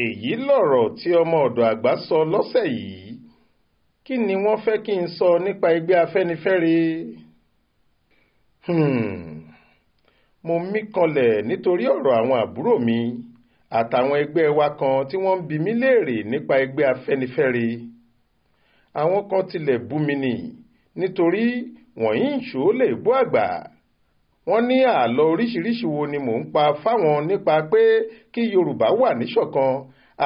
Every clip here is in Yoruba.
èyí lọ̀rọ̀ tí ọmọ ọ̀dọ̀ àgbà sọ lọ́sẹ̀ yìí kí ni wọ́n fẹ́ kí n sọ nípa ẹgbẹ́ afẹ́nifẹ́re hmm. mo mí kanlẹ̀ nítorí ọ̀rọ̀ àwọn àbúrò mi àtàwọn ẹgbẹ́ wa kan tí wọ́n ń bi mí léèrè nípa ẹgbẹ́ afẹ́nifẹ́re àwọn kan tilẹ̀ bú mi nì nítorí wọ̀nyí ń lè bú àgbà wọ́n ní àlọ́ oríṣiríṣi wo ni mò ń pa fáwọn nípa pé kí Yorùbá wà níṣọ̀kan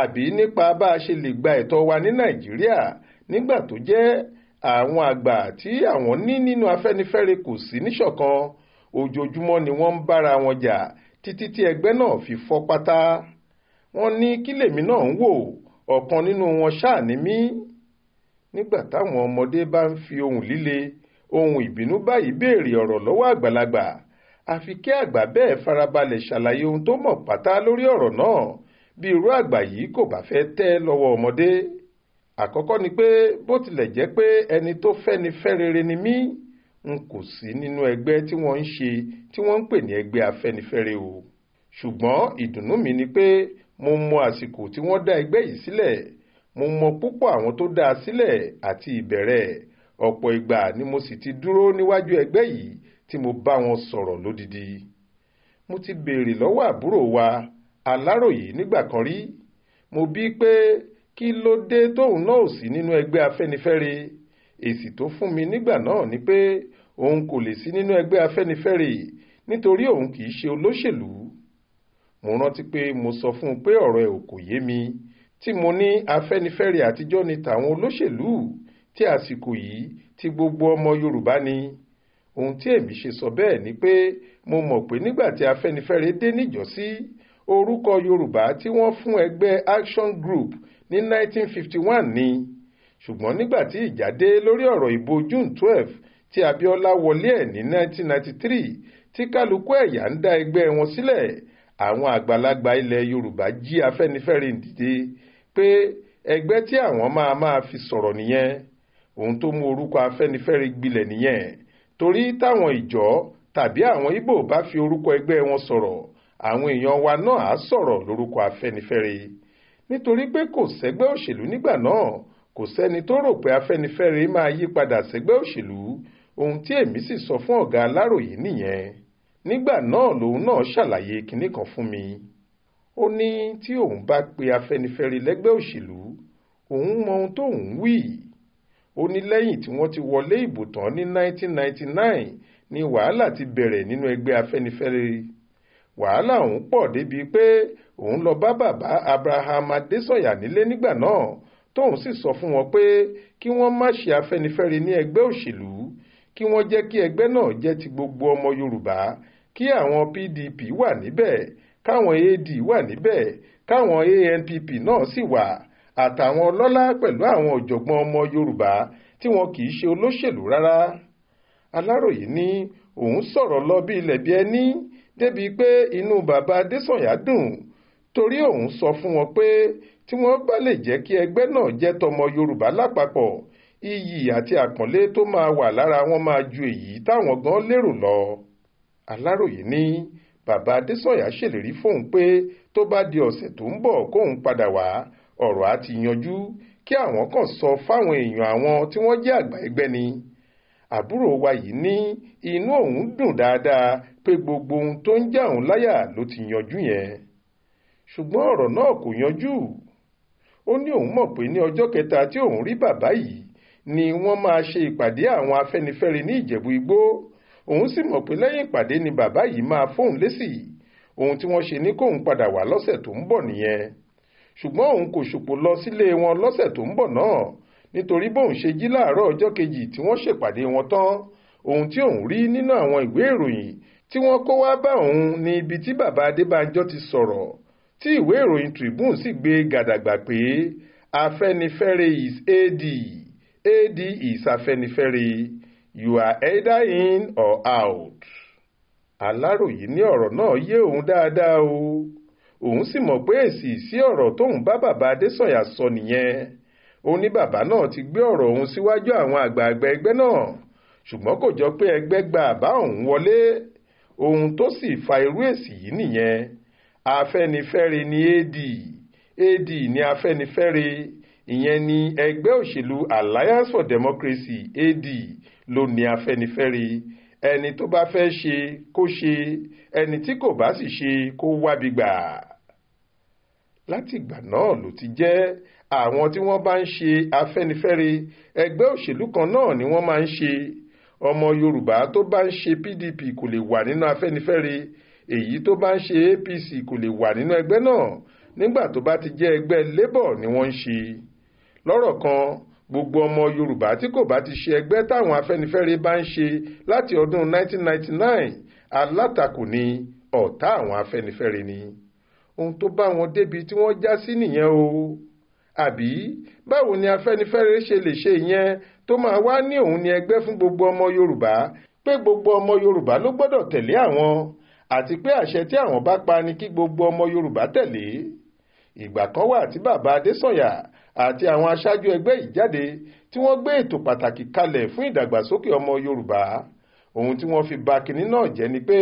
àbí nípa bá a ṣe lè gba ẹ̀tọ́ wa ní Nàìjíríà nígbà tó jẹ́ àwọn àgbà tí àwọn ní nínú Afẹ́nifẹ́re kò sí níṣọ̀kan ojoojúmọ́ ni wọ́n ń bára wọn jà títí tí ẹgbẹ́ náà fi fọ́ pátá wọ́n ní kí lèmi náà ń wò ọ̀kan nínú wọn ṣáà ni mí nígbà táwọn ọmọdé bá ń fi ohun líle ohun ìbínú báyìí béèrè ọ̀rọ̀ lọ́wọ́ àgbàlagbà àfi kí àgbà bẹ́ẹ̀ farabalẹ̀ ṣàlàyé ohun tó mọ̀ pátá lórí ọ̀rọ̀ náà bí irú àgbà yìí kò bá fẹ́ tẹ́ lọ́wọ́ ọmọdé àkọ́kọ́ ni pé bó tilẹ̀ jẹ́ pé ẹni tó fẹ́ni fẹ́ rere ni mí n kò sí nínú ẹgbẹ́ tí wọ́n ń ṣe tí wọ́n ń pè ní ẹgbẹ́ afẹ́nifẹ́re o ṣùgbọ́n ìdùnnú mi ni pé mo mọ àsìkò tí wọ́n dá ẹgbẹ́ yìí sílẹ̀ mo mọ púpọ̀ àwọn tó dá a sílẹ̀ àti ìbẹ̀rẹ̀ ọ̀pọ̀ ìgbà ni mo sì ti dúró níwájú ẹgbẹ́ yìí tí mo bá wọn sọ̀rọ̀ lódìdí mo ti béèrè lọ́wọ́ àbúrò wa aláròyé nígbà kan rí mo bí pé kí ló dé tóun náà ò sí nínú ẹgbẹ́ afẹ́nifẹ́re èsì tó fún mi nígbà náà ni pé òun kò lè sí nínú ẹgbẹ́ afẹ́nifẹ́re nítorí òun kì í ṣe olóṣèlú mo rántí pé mo sọ fún un pé ọ̀rọ̀ ẹ̀ ò kò yé mi tí mo ní afẹ́nifẹ́re àtijọ́ ni tàwọn olóṣèlú tí àsìkò yìí ti gbogbo ọmọ yorùbá ni ohun tí èmi ṣe sọ bẹ́ẹ̀ ni pé mo mọ̀ pé nígbà tí afẹ́nifẹ́re dé níjọ́sí orúkọ yorùbá tí wọ́n fún ẹgbẹ́ action group ní 1951 ni ṣùgbọ́n nígbà tí ìjà dé lórí ọ̀rọ̀ ìbò june 12 tí abiola wọlé ẹ̀ ní 1993 tí kálukú ẹ̀yà ń dá ẹgbẹ́ wọn sílẹ̀ àwọn àgbàlagbà ilẹ̀ yorùbá jí afẹ́nifẹ́re dìde pé ẹgbẹ́ tí àwọn máa máa fi sọ̀rọ̀ nìyẹn ohun tó mú orúkọ afẹ́nifẹ́re gbilẹ̀ nìyẹn torí táwọn ìjọ tàbí àwọn Ìgbò bá fi orúkọ ẹgbẹ́ wọn sọ̀rọ̀ àwọn èèyàn wa náà á sọ̀rọ̀ lórúkọ Afẹ́nifẹ́re nítorí pé kò sẹ́gbẹ́ òṣèlú nígbà náà kò sẹ́ni tó rò pé Afẹ́nifẹ́re máa yí padà sẹ́gbẹ́ òṣèlú ohun tí èmi sì sọ fún ọ̀gá Aláròyé nìyẹn nígbà náà lòun náà ṣàlàyé kinní kan fún mi ó ní tí òun bá pe Afẹ́nifẹ́re lẹ́gbẹ́ òṣèlú òun mọ ohun tóun wí ó ní lẹ́yìn tí wọ́n ti wọlé ìbò tán ní 1999 ni wàhálà ti bẹ̀rẹ̀ nínú ẹgbẹ́ afẹ́nifẹ́re wàhálà ọ̀hún pọ̀ débi pé òun lọ bá bàbá Abraham Adésọ̀yà nílé nígbà náà tóun sì sọ fún wọn pé kí wọ́n má ṣe afẹ́nifẹ́re ní ẹgbẹ́ òṣèlú kí wọ́n jẹ́ kí ẹgbẹ́ náà jẹ́ ti gbogbo ọmọ Yorùbá kí àwọn PDP wà níbẹ̀ káwọn AD wà níbẹ̀ káwọn ANPP náà sì wà àtàwọn ọlọ́lá pẹ̀lú àwọn ọ̀jọ̀gbọ́n ọmọ Yorùbá tí wọn kì í ṣe olóṣèlú rárá Aláròyé ní òun sọ̀rọ̀ lọ bí ilẹ̀ bí ẹni débi pé inú bàbá Adésànyà dùn torí òun sọ fún wọn pé tí wọ́n bá lè jẹ́ kí ẹgbẹ́ náà jẹ́ tọmọ Yorùbá lápapọ̀ iyì àti àpọ́nlé tó máa wà lára wọn máa ju èyí táwọn gan lérò lọ Aláròyé ní bàbá Adésànyà ṣèlérí fóun pé tó bá di ọ̀sẹ̀ tó ń bọ̀ kóun padà wá ọ̀rọ̀ á ti yanjú kí àwọn kan sọ fáwọn èèyàn àwọn tí wọ́n jẹ́ àgbà ẹgbẹ́ ni àbúrò wa yìí ní inú òun dùn dáadáa pé gbogbo ohun tó ń já òun láyà ló ti yanjú yẹn ṣùgbọ́n ọ̀rọ̀ náà kò yanjú ó ní òun mọ̀ pé ní ọjọ́ kẹta tí òun rí bàbá yìí ni wọ́n máa ṣe ìpàdé àwọn afẹ́nifẹ́re ní ìjẹ̀bú igbó òun sì mọ̀ pé lẹ́yìn ìpàdé ni bàbá yìí máa fóun lésì ohun tí wọ́n ṣe ní kóun padà wá lọ́sẹ̀ tó ń bọ̀ nìyẹn ṣùgbọ́n òun kò ṣòpò lọ sílé wọn lọ́sẹ̀ tó ń bọ̀ náà nítorí bóun ṣe jí láàárọ̀ ọjọ́ kejì tí wọ́n ṣèpàdé wọn tán ohun tí òun rí nínú àwọn ìwé ìròyìn tí wọ́n kó wá bá òun ní ibi tí bàbá Adébánjọ ti sọ̀rọ̀ tí ìwé ìròyìn Tribune sì gbé gàdàgbà pé Afẹ́nifẹ́re is AD AD is Afẹ́nifẹ́re you are either in or out. Aláròyé ní ọ̀rọ̀ náà yé òun dáadáa o òun sì mọ̀ pé èsì sí ọ̀rọ̀ tóun bá bàbá Adésànyà sọ nìyẹn ó ní bàbá náà ti gbé ọ̀rọ̀ òun síwájú àwọn àgbààgbà ẹgbẹ́ náà ṣùgbọ́n kò jọ pé ẹgbẹ́ gba àbá òun wọlé ohun tó sì fa irú èsì yìí nìyẹn Afẹ́nifẹ́re ni AD AD ni Afẹ́nifẹ́re ìyẹn ni ẹgbẹ́ òṣèlú Alliance for Democracy AD ló ní Afẹ́nifẹ́re ẹni tó bá fẹ́ ṣe kó ṣe ẹni tí kò bá sì ṣe kó wábi gbà látìgbà náà ló ti jẹ́ àwọn tí wọ́n bá ń ṣe afẹ́nifẹ́re ẹgbẹ́ òṣèlú kan náà ni wọ́n máa ń ṣe ọmọ yorùbá tó bá ń ṣe pdp kò lè wà nínú afẹ́nifẹ́re èyí tó bá ń ṣe apc kò lè wà nínú ẹgbẹ́ náà nígbà tó bá ti jẹ́ ẹgbẹ́ labour ni wọ́n ń ṣe lọ́rọ̀ kan gbogbo ọmọ yorùbá tí kò bá ti ṣe ẹgbẹ́ táwọn afẹ́nifẹ́re bá ń ṣe láti ọdún 1999 alátakò ni ọ̀tá àwọn afẹ́nifẹ́re ni ohun tó bá wọn débi tí wọ́n já sí nìyẹn o àbí báwo ni afẹ́nifẹ́re ṣe lè ṣe ìyẹn tó máa wá ní òun ni ẹgbẹ́ fún gbogbo ọmọ yorùbá pé gbogbo ọmọ yorùbá ló gbọ́dọ̀ tẹ̀lé àwọn àti pé àṣẹ tí àwọn bá pa ni kí gbogbo ọmọ yorùbá tẹ̀lé ìgbà kan wà tí bàbá adésànyà àti àwọn aṣáájú ẹgbẹ́ yìí tí wọ́n gbé ètò pàtàkì kalẹ̀ fún ìdàgbàsókè ọmọ yorùbá ohun tí wọ́n fi ba kinní náà jẹ́ ni pé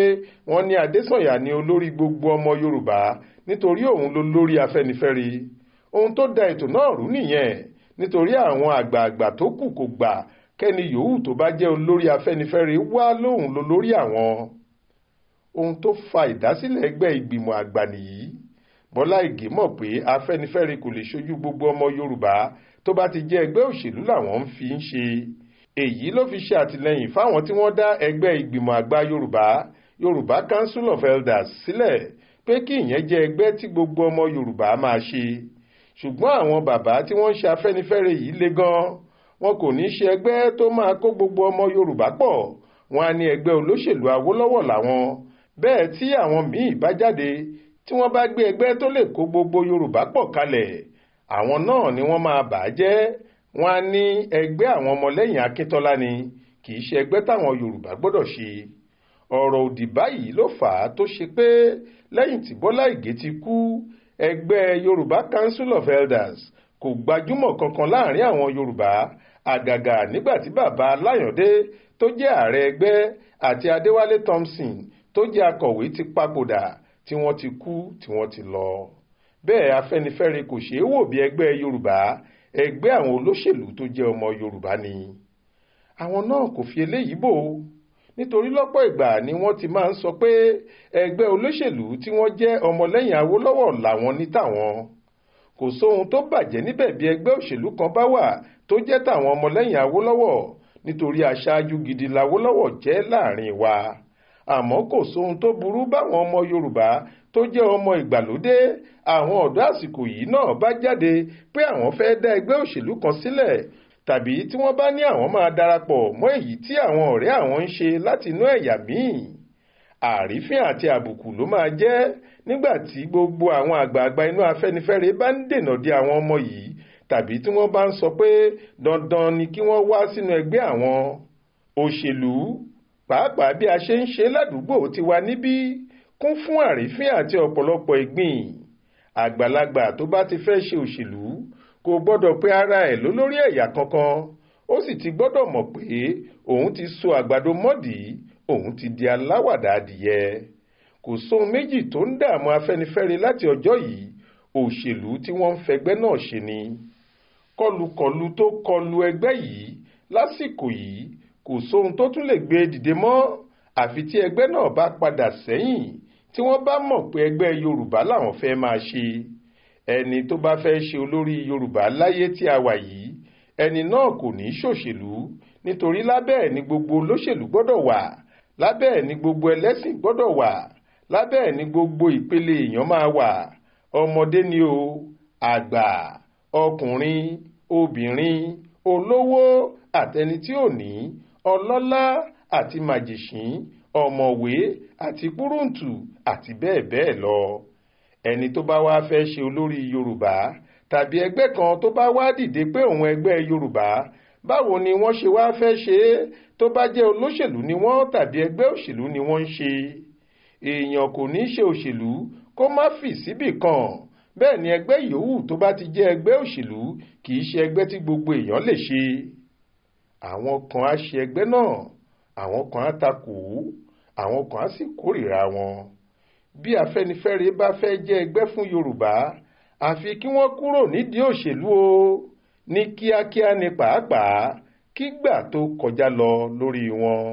wọ́n ní Adésànyà ni olórí gbogbo ọmọ Yorùbá nítorí òun ló lórí Afẹ́nifẹ́re ohun tó da ètò náà rú nìyẹn nítorí àwọn àgbààgbà tó kù kò gbà kẹ́ni yòówù tó bá jẹ́ olórí Afẹ́nifẹ́re wá lóhùn ló lórí àwọn ohun tó fa ìdásílẹ̀ ẹgbẹ́ ìgbìmọ̀ àgbà nìyí Bọ́lá Ìgè mọ̀ pé Afẹ́nifẹ́re kò lè ṣojú gbogbo ọmọ Yorùbá tó bá ti jẹ́ ẹgbẹ́ òṣèlú làwọn fi ń ṣe èyí ló fi ṣe àtìlẹ́yìn fáwọn tí wọ́n dá ẹgbẹ́ ìgbìmọ̀ àgbà yorùbá yorùbá council of elders sílẹ̀ pé kí ìyẹn jẹ́ ẹgbẹ́ tí gbogbo ọmọ yorùbá máa ṣe ṣùgbọ́n àwọn bàbá tí wọ́n ń ṣe afẹ́nifẹ́re yìí le gan-an wọn kò ní í ṣe ẹgbẹ́ tó máa kó gbogbo ọmọ yorùbá pọ̀ wọn á ní ẹgbẹ́ olóṣèlú awólọ́wọ̀ làwọn bẹ́ẹ̀ tí àwọn míì bá jáde tí wọ́n bá gbé ẹgbẹ́ tó lè kó gbogbo yorùbá pọ̀ kalẹ̀ àwọn náà ni wọ́n máa bà á jẹ́ wọ́n á ní ẹgbẹ́ àwọn ọmọlẹ́yìn akíntọ́lá ni kì í ṣe ẹgbẹ́ táwọn yorùbá gbọ́dọ̀ ṣe ọ̀rọ̀ òdì báyìí ló fà á tó ṣe pé lẹ́yìn tí bọ́lá ìgè ti kú ẹgbẹ́ yorùbá council of elders kò gbajúmọ̀ kankan láàrin àwọn yorùbá àgàgà nígbà tí bàbá aláyàndé tó jẹ́ ààrẹ ẹgbẹ́ àti adéwálé thompson tó jẹ́ akọ̀wé ti papòdà tí wọ́n ti kú tí wọ́n ti lọ bẹ́ẹ̀ afẹ́nifẹ́re kò ṣeé wò bí ẹgbẹ́ yorùbá ẹgbẹ́ àwọn olóṣèlú tó jẹ́ ọmọ Yorùbá ni àwọn náà kò fi eléyìí bò ó nítorí lọ́pọ̀ ìgbà ni wọ́n ti máa ń sọ pé ẹgbẹ́ olóṣèlú tí wọ́n jẹ́ ọmọlẹ́yìn Awólọ́wọ̀ làwọn ní tàwọn kò sóhun tó bàjẹ́ níbẹ̀ bí ẹgbẹ́ òṣèlú kan bá wà tó jẹ́ tàwọn ọmọlẹ́yìn Awólọ́wọ̀ nítorí aṣáájú gidi làwólọ́wọ̀ jẹ́ láàrin wa àmọ́ kò sóhun tó burú báwọn ọmọ Yorùbá tó jẹ́ ọmọ ìgbàlódé àwọn ọ̀dọ́ àsìkò yìí náà bá jáde pé àwọn fẹ́ dá ẹgbẹ́ òṣèlú kan sílẹ̀ tàbí tí wọ́n bá ní àwọn máa darapọ̀ mọ́ èyí tí àwọn ọ̀rẹ́ àwọn ń ṣe láti inú ẹ̀yà míì àrífín àti àbùkù ló máa jẹ́ nígbà tí gbogbo àwọn àgbààgbà inú Afẹ́nifẹ́re bá ń dènà de àwọn ọmọ yìí tàbí tí wọ́n bá ń sọ pé dandan ni kí wọ́n wá sínú ẹgbẹ́ àwọn òṣèlú pàápàá bí a ṣe ń ṣe ládùúgbò tiwa níbí kún fún àrífín àti ọ̀pọ̀lọpọ̀ ìgbìn àgbàlagbà tó bá ti fẹ́ ṣe òṣèlú kò gbọ́dọ̀ pe ara ẹ̀ lólórí ẹ̀yà kankan ó sì ti gbọ́dọ̀ mọ̀ pé òun ti so àgbàdo mọ́dì òun ti di aláwàdà adìyẹ kò sóhun méjì tó ń dààmú afẹ́nifẹ́re láti ọjọ́ yìí òṣèlú tí wọ́n ń fẹgbẹ́ náà ṣe ni kọlùkọlù tó kọlu ẹgbẹ́ yìí lásìkò yìí kò sóhun tó tún lè gbé e dìde mọ́ àfi tí ẹgbẹ́ náà bá padà sẹ́yìn tí wọ́n bá mọ̀ pé ẹgbẹ́ Yorùbá làwọn fẹ́ máa ṣe ẹni tó bá fẹ́ ṣe olórí Yorùbá láyé tí a wà yìí ẹni náà kò ní í ṣòṣèlú nítorí lábẹ́ ẹ̀ ni gbogbo olóṣèlú gbọ́dọ̀ wà lábẹ́ ẹ̀ ni gbogbo ẹlẹ́sìn gbọ́dọ̀ wà lábẹ́ ẹ̀ ni gbogbo ìpele èèyàn máa wà ọmọdé ni o àgbà ọkùnrin obìnrin olówó àtẹni tí ò ní ọlọ́lá àti màjèṣín ọ̀mọ̀wé àti púrúǹtù àti bẹ́ẹ̀ bẹ́ẹ̀ lọ ẹni tó bá wá fẹ́ ṣe olórí yorùbá tàbí ẹgbẹ́ kan tó bá wá dìde pé òun ẹgbẹ́ yorùbá báwo ni wọ́n ṣe wá fẹ́ ṣe é tó bá jẹ́ olóṣèlú ni wọ́n tàbí ẹgbẹ́ òṣèlú ni wọ́n ń ṣe èèyàn kò ní í ṣe òṣèlú kó má fì síbì kan bẹ́ẹ̀ ni ẹgbẹ́ yòówù tó bá ti jẹ́ ẹgbẹ́ òṣèlú kì í ṣe ẹgbẹ́ tí gbogbo èèyàn lè ṣe àwọn kan á ṣe ẹgbẹ́ náà àwọn kan á takò ó àwọn kan á sì kórìíra wọn bí afẹ́nifẹ́re bá fẹ́ jẹ́ ẹgbẹ́ fún yorùbá àfi kí wọ́n kúrò nídìí òṣèlú o ní kíákíá ni pàápàá kígbà tó kọjá lọ lórí wọn.